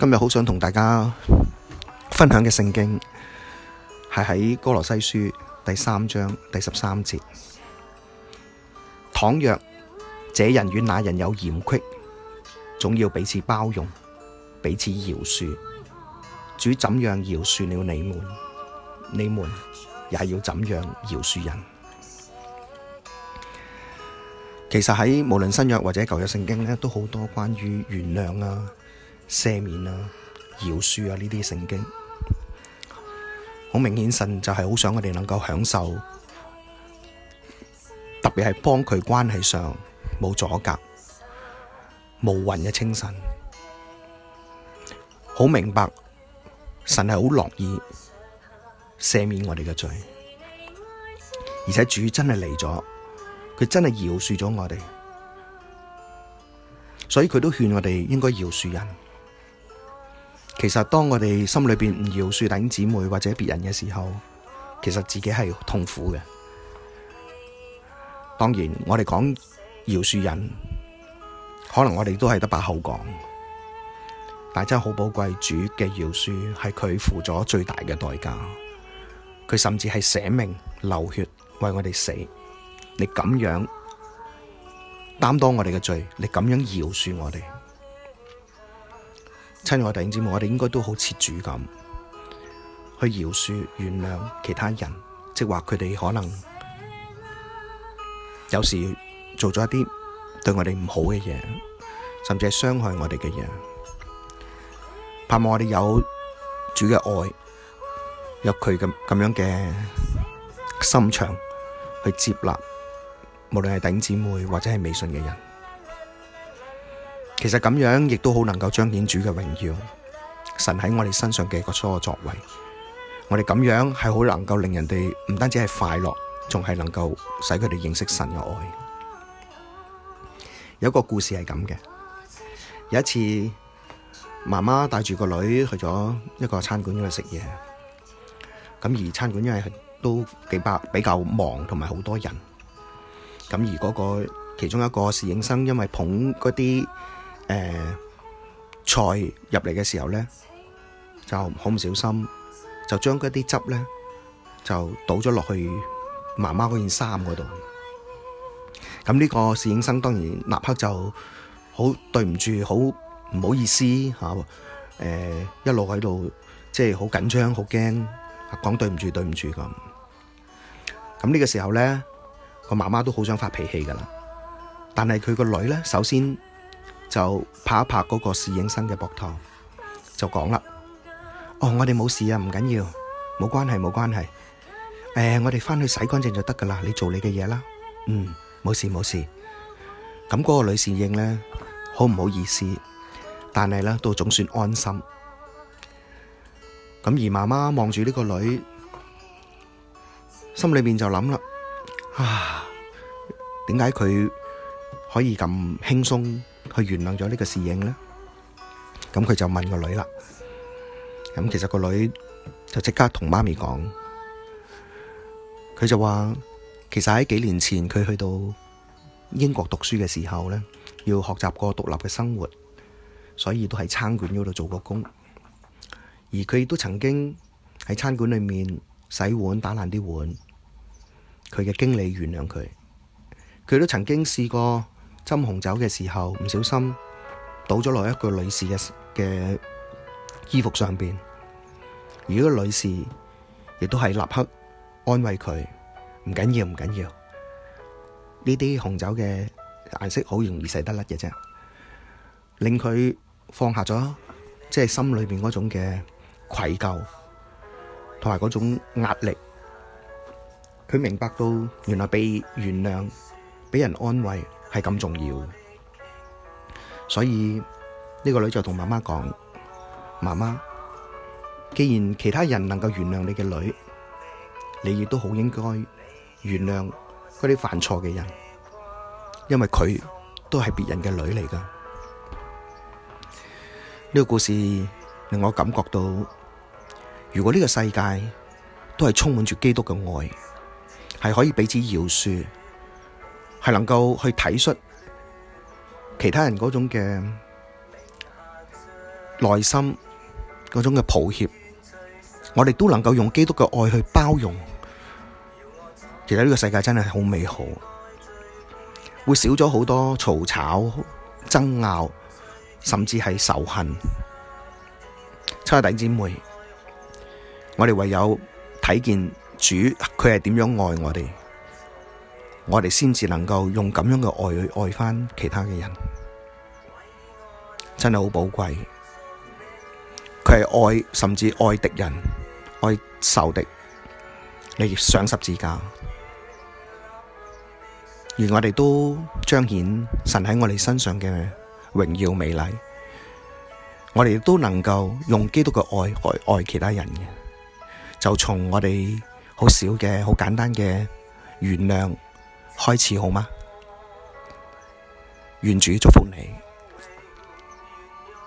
今日好想同大家分享嘅聖經係喺哥羅西書第三章第十三節。倘若這人與那人有嫌隙，總要彼此包容，彼此饒恕。主怎樣饒恕了你們，你們也要怎樣饒恕人。其實喺無論新約或者舊約聖經呢，都好多關於原諒啊。赦免啊、饒恕啊呢啲聖經，好明顯神就係好想我哋能夠享受，特別係幫佢關係上冇阻隔、無雲嘅清晨，好明白神係好樂意赦免我哋嘅罪，而且主真係嚟咗，佢真係饒恕咗我哋，所以佢都勸我哋應該饒恕人。其實當我哋心裏邊唔饒恕弟兄姊妹或者別人嘅時候，其實自己係痛苦嘅。當然，我哋講饒恕人，可能我哋都係得把口講，但真係好寶貴。主嘅饒恕係佢付咗最大嘅代價，佢甚至係捨命流血為我哋死。你咁樣擔當我哋嘅罪，你咁樣饒恕我哋。親愛弟兄姊妹，我哋應該都好似主咁，去饒恕、原諒其他人，即係話佢哋可能有時做咗一啲對我哋唔好嘅嘢，甚至係傷害我哋嘅嘢。盼望我哋有主嘅愛，有佢咁咁樣嘅心腸去接納，無論係弟兄姊妹或者係未信嘅人。其實咁樣亦都好，能夠彰顯主嘅榮耀。神喺我哋身上嘅嗰所作為，我哋咁樣係好，能夠令人哋唔單止係快樂，仲係能夠使佢哋認識神嘅愛。有一個故事係咁嘅，有一次媽媽帶住個女去咗一個餐館度食嘢，咁而餐館因為係都幾百比較忙，同埋好多人，咁而嗰個其中一個侍應生因為捧嗰啲。誒、呃、菜入嚟嘅時候咧，就好唔小心，就將嗰啲汁咧就倒咗落去媽媽嗰件衫嗰度。咁呢個侍應生當然立刻就好對唔住，好唔好意思吓？誒、啊呃、一路喺度即係好緊張，好驚，講對唔住，對唔住咁。咁呢個時候咧，個媽媽都好想發脾氣㗎啦，但係佢個女咧首先。就拍一拍嗰個侍應生嘅膊頭，就講啦：哦，我哋冇事啊，唔緊要，冇關係，冇關係。誒，我哋翻去洗乾淨就得噶啦。你做你嘅嘢啦，嗯，冇事冇事。咁嗰個女侍應呢，好唔好意思，但係呢，都總算安心。咁而媽媽望住呢個女，心裏面就諗啦：啊，點解佢可以咁輕鬆？去原諒咗呢個侍應呢，咁佢就問個女啦。咁其實個女就即刻同媽咪講，佢就話其實喺幾年前佢去到英國讀書嘅時候呢，要學習過獨立嘅生活，所以都喺餐館嗰度做過工。而佢亦都曾經喺餐館裏面洗碗打爛啲碗，佢嘅經理原諒佢，佢都曾經試過。斟紅酒嘅時候唔小心倒咗落一個女士嘅嘅衣服上邊，而嗰個女士亦都係立刻安慰佢，唔緊要，唔緊要。呢啲紅酒嘅顏色好容易洗得甩嘅啫，令佢放下咗即係心裏面嗰種嘅愧疚同埋嗰種壓力。佢明白到原來被原諒，俾人安慰，係咁重要，所以呢個女就同媽媽講：媽媽，既然其他人能夠原諒你嘅女，你亦都好應該原諒嗰啲犯錯嘅人，因為佢都係別人嘅女嚟噶呢個故事令我感覺到，如果呢個世界都係充滿住基督嘅愛，係可以彼此饒恕。係能夠去體恤其他人嗰種嘅內心嗰種嘅抱歉，我哋都能夠用基督嘅愛去包容。其實呢個世界真係好美好，會少咗好多嘈吵、爭拗，甚至係仇恨。親愛姊妹，我哋唯有睇見主佢係點樣愛我哋。我哋先至能夠用咁樣嘅愛去愛返其他嘅人，真係好寶貴。佢係愛，甚至愛敵人，愛仇敵，嚟上十字架。而我哋都彰顯神喺我哋身上嘅榮耀美麗，我哋都能夠用基督嘅愛去愛，愛其他人嘅，就從我哋好少嘅、好簡單嘅原諒開始好嗎？願主祝福你。